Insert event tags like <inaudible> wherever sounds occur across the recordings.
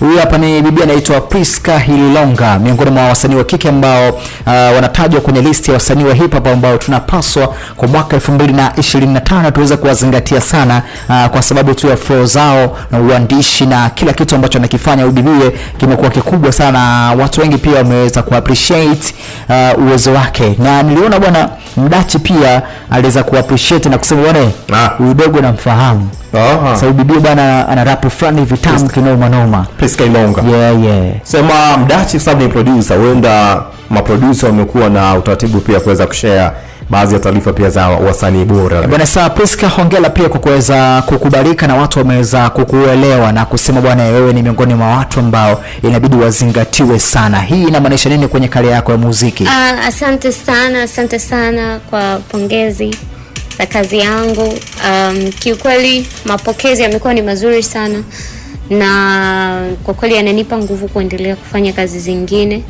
Huyu hapa ni bibi anaitwa Priska Hilonga, miongoni mwa wasanii wa kike ambao uh, wanatajwa kwenye listi ya wasanii wa hip hop ambao tunapaswa kwa mwaka 2025 tuweze kuwazingatia sana uh, kwa sababu tu ya flow zao na uandishi na kila kitu ambacho anakifanya ubibiwe kimekuwa kikubwa sana. Watu wengi pia wameweza ku appreciate uh, uwezo wake, na niliona bwana Mdachi pia aliweza ku appreciate na kusema bwana, ah. huyu dogo namfahamu Aha. bwana ana rap fulani vitamu kinoma noma. Priska Ilonga. Yeah, yeah. Sema mdachi sababu ni producer, huenda maproducer wamekuwa na utaratibu pia kuweza kushare baadhi ya taarifa pia za wasanii bora. Bwana saa Priska, hongera pia kwa kuweza kukubalika na watu wameweza kukuelewa na kusema bwana, wewe ni miongoni mwa watu ambao inabidi wazingatiwe sana. Hii inamaanisha nini kwenye kari yako ya muziki? Uh, asante sana, asante sana kwa pongezi za kazi yangu. Um, kiukweli mapokezi yamekuwa ni mazuri sana na kwa kweli yananipa nguvu kuendelea kufanya kazi zingine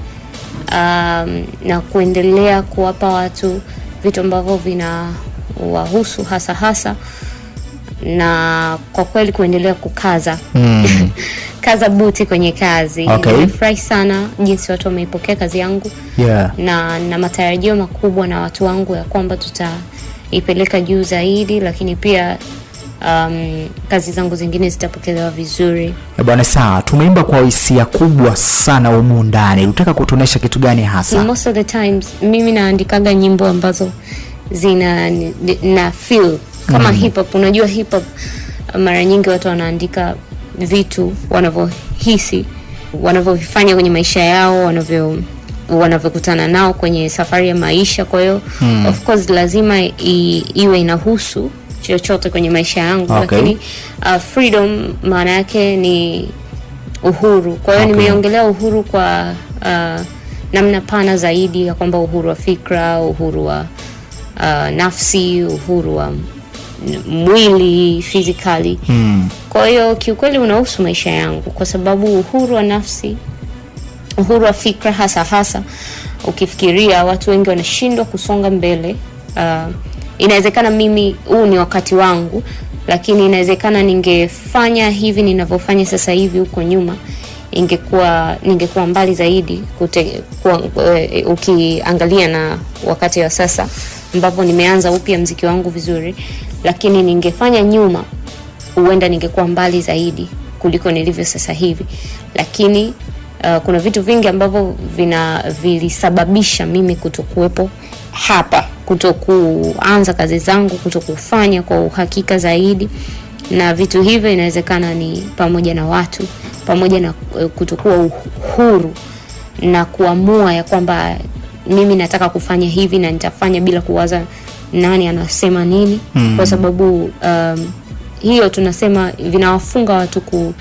um, na kuendelea kuwapa watu vitu ambavyo vinawahusu hasa hasa, na kwa kweli kuendelea kukaza mm. <laughs> kaza buti kwenye kazi. Okay. Nimefurahi sana jinsi watu wameipokea kazi yangu yeah. na na matarajio makubwa na watu wangu ya kwamba tuta ipeleka juu zaidi, lakini pia Um, kazi zangu zingine zitapokelewa vizuri. Bwana, sawa, tumeimba kwa hisia kubwa sana humu ndani, unataka kutuonesha kitu gani hasa? Most of the times mimi naandikaga nyimbo ambazo zina na feel kama mm. hip hop. Unajua hip hop mara nyingi watu wanaandika vitu wanavyohisi, wanavyovifanya kwenye maisha yao, wanavyo wanavyokutana nao kwenye safari ya maisha. Kwa hiyo hmm. of course lazima i, iwe inahusu chochote kwenye maisha yangu okay. Lakini uh, freedom maana yake ni uhuru. Kwa hiyo okay. nimeongelea uhuru kwa uh, namna pana zaidi ya kwamba uhuru wa fikra, uhuru wa uh, nafsi, uhuru wa mwili physically hmm. Kwa hiyo kiukweli unahusu maisha yangu kwa sababu uhuru wa nafsi uhuru wa fikra, hasa hasa ukifikiria watu wengi wanashindwa kusonga mbele. Uh, inawezekana mimi huu ni wakati wangu, lakini inawezekana ningefanya hivi ninavyofanya sasa hivi huko nyuma ingekuwa ningekuwa mbali zaidi kute, kwa, uh, ukiangalia na wakati wa sasa ambapo nimeanza upya mziki wangu vizuri, lakini ningefanya nyuma, huenda ningekuwa mbali zaidi kuliko nilivyo sasa hivi, lakini uh, kuna vitu vingi ambavyo vina vilisababisha mimi kutokuwepo hapa, kutokuanza kazi zangu, kutokufanya kwa uhakika zaidi, na vitu hivyo inawezekana ni pamoja na watu, pamoja na eh, kutokuwa uhuru na kuamua ya kwamba mimi nataka kufanya hivi na nitafanya bila kuwaza nani anasema nini, mm. Kwa hmm. sababu um, hiyo tunasema vinawafunga watu ku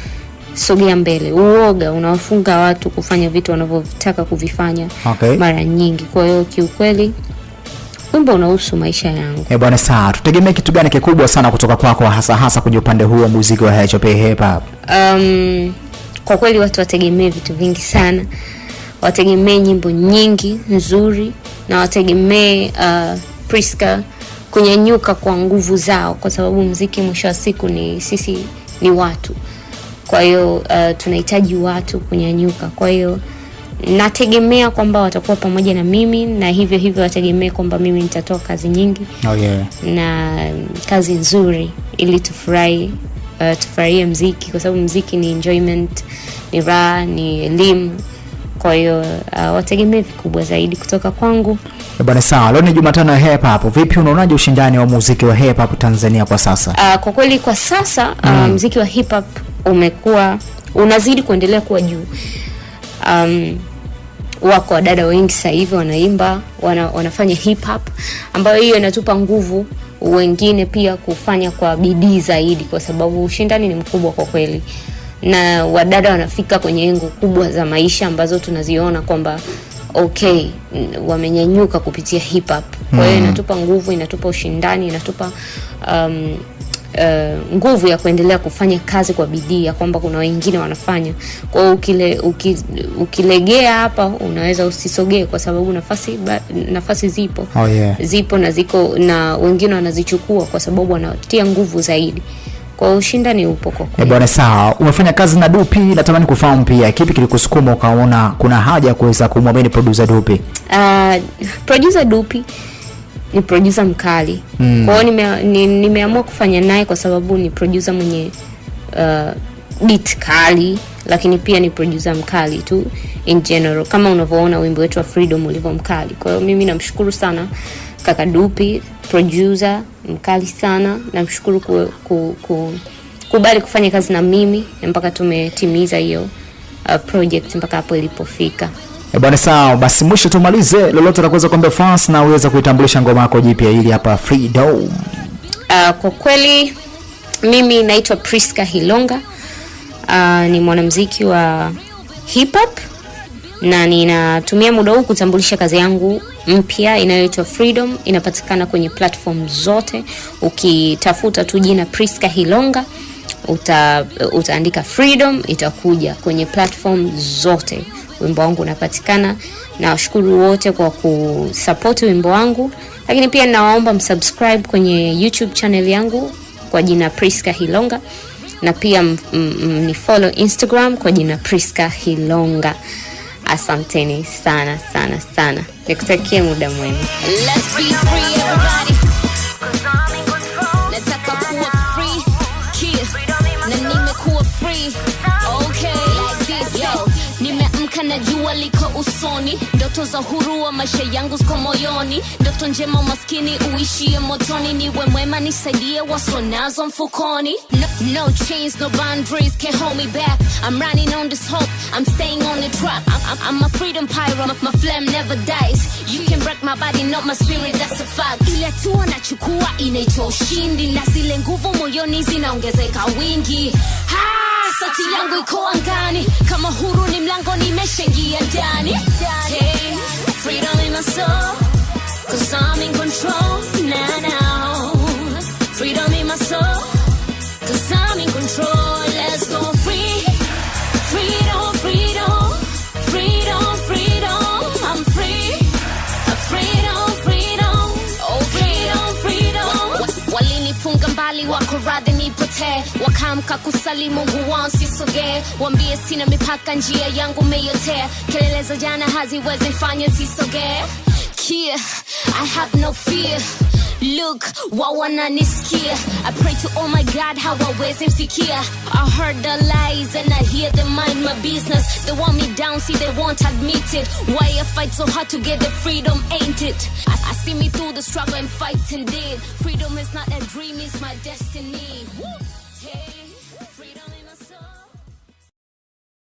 sogea mbele. Uoga unawafunga watu kufanya vitu wanavyotaka kuvifanya okay, mara nyingi. Kwa hiyo kiukweli wimbo unahusu maisha yangu. Eh, bwana saa, tutegemee kitu gani kikubwa sana kutoka kwako kwa hasa hasa kwenye upande huu wa muziki wa HOP Hip Hop? Um, kwa kweli watu wategemee vitu vingi sana, wategemee nyimbo nyingi nzuri na wategemee uh, Priska kunyanyuka kwa nguvu zao, kwa sababu muziki mwisho wa siku ni sisi ni watu kwa hiyo uh, tunahitaji watu kunyanyuka. Kwa hiyo nategemea kwamba watakuwa pamoja na mimi na hivyo hivyo wategemee kwamba mimi nitatoa kazi nyingi oh, yeah. na kazi nzuri ili tufurahi uh, tufurahie mziki kwa sababu mziki ni enjoyment, ni raha, ni elimu. Kwa hiyo uh, wategemee vikubwa zaidi kutoka kwangu. Eh, bwana, sawa. Leo ni Jumatano ya Hip Hop. Vipi, unaonaje ushindani wa muziki wa Hip Hop Tanzania kwa sasa? Uh, kwa kweli kwa sasa uh, mm. muziki wa Hip Hop umekuwa unazidi kuendelea kuwa juu. Um, wako wadada wengi sasa hivi wanaimba wana, wanafanya hip hop ambayo hiyo inatupa nguvu wengine pia kufanya kwa bidii zaidi, kwa sababu ushindani ni mkubwa kwa kweli, na wadada wanafika kwenye engo kubwa za maisha ambazo tunaziona kwamba okay, wamenyanyuka kupitia hip hop. Kwa hiyo mm, inatupa nguvu, inatupa ushindani, inatupa um, Eh, nguvu ya kuendelea kufanya kazi kwa bidii, ya kwamba kuna wengine wanafanya. Kwa hiyo ukile, uki, ukilegea hapa unaweza usisogee, kwa sababu nafasi nafasi zipo. Oh, yeah. Zipo na ziko na wengine wanazichukua kwa sababu wanatia nguvu zaidi. Kwa ushindani upo kwa kweli. Eh, bwana sawa, umefanya kazi na Dupi, natamani kufahamu pia kipi kilikusukuma ukaona kuna haja ya kuweza kumwamini producer Dupi? Uh, producer Dupi ni producer mkali mm. Kwa hiyo nimeamua nimeamua kufanya naye kwa sababu ni producer mwenye uh, beat kali, lakini pia ni producer mkali tu in general, kama unavyoona wimbo wetu wa Freedom ulivyo mkali. Kwa hiyo mimi namshukuru sana kaka Dupi, producer mkali sana, namshukuru ku, ku, ku, kubali kufanya kazi na mimi mpaka tumetimiza hiyo uh, project mpaka hapo ilipofika. E bwana, sawa basi, mwisho tumalize lolote kuweza kuambia fans na uweza kuitambulisha ngoma yako jipya hili hapa Freedom. Uh, kwa kweli mimi naitwa Priska Hilonga. Uh, ni mwanamuziki wa hip hop na ninatumia muda huu kutambulisha kazi yangu mpya inayoitwa Freedom. Inapatikana kwenye platform zote, ukitafuta tu jina Priska Hilonga uta, utaandika freedom itakuja kwenye platform zote. Wimbo wangu unapatikana. Nawashukuru wote kwa kusapoti wimbo wangu, lakini pia nawaomba msubscribe kwenye YouTube channel yangu kwa jina Priska Hilonga na pia ni follow Instagram kwa jina Priska Hilonga. Asanteni sana sana sana, nikutakie muda mwema. jua liko usoni, ndoto za huru wa maisha yangu ziko moyoni, ndoto njema umaskini uishie motoni, niwe mwema nisaidie wasonazo mfukoni. No, no chains, no boundaries can't hold me back. I'm running on this hope, I'm staying on the track. I'm, I'm, I'm a freedom pyro, my, my flame never dies. You can break my body, not my spirit, that's a fact. Ile tu anachukua inaitwa ushindi, na zile nguvu moyoni zinaongezeka wingi. Ha! Sauti yangu iko angani kama huru ni ndani wote wakamka kusali mungu sisogee wambie sina mipaka njia yangu meyotea kelele za jana haziwezi fanya sisogee kia i have no fear Look, wawananisikia I pray to oh my God how waweze mfikia I heard the lies and I hear them mind my business They want me down, see they won't admit it Why I fight so hard to get the freedom, ain't it? I, I see me through the struggle and fight indeed Freedom is not a dream, it's my destiny Woo!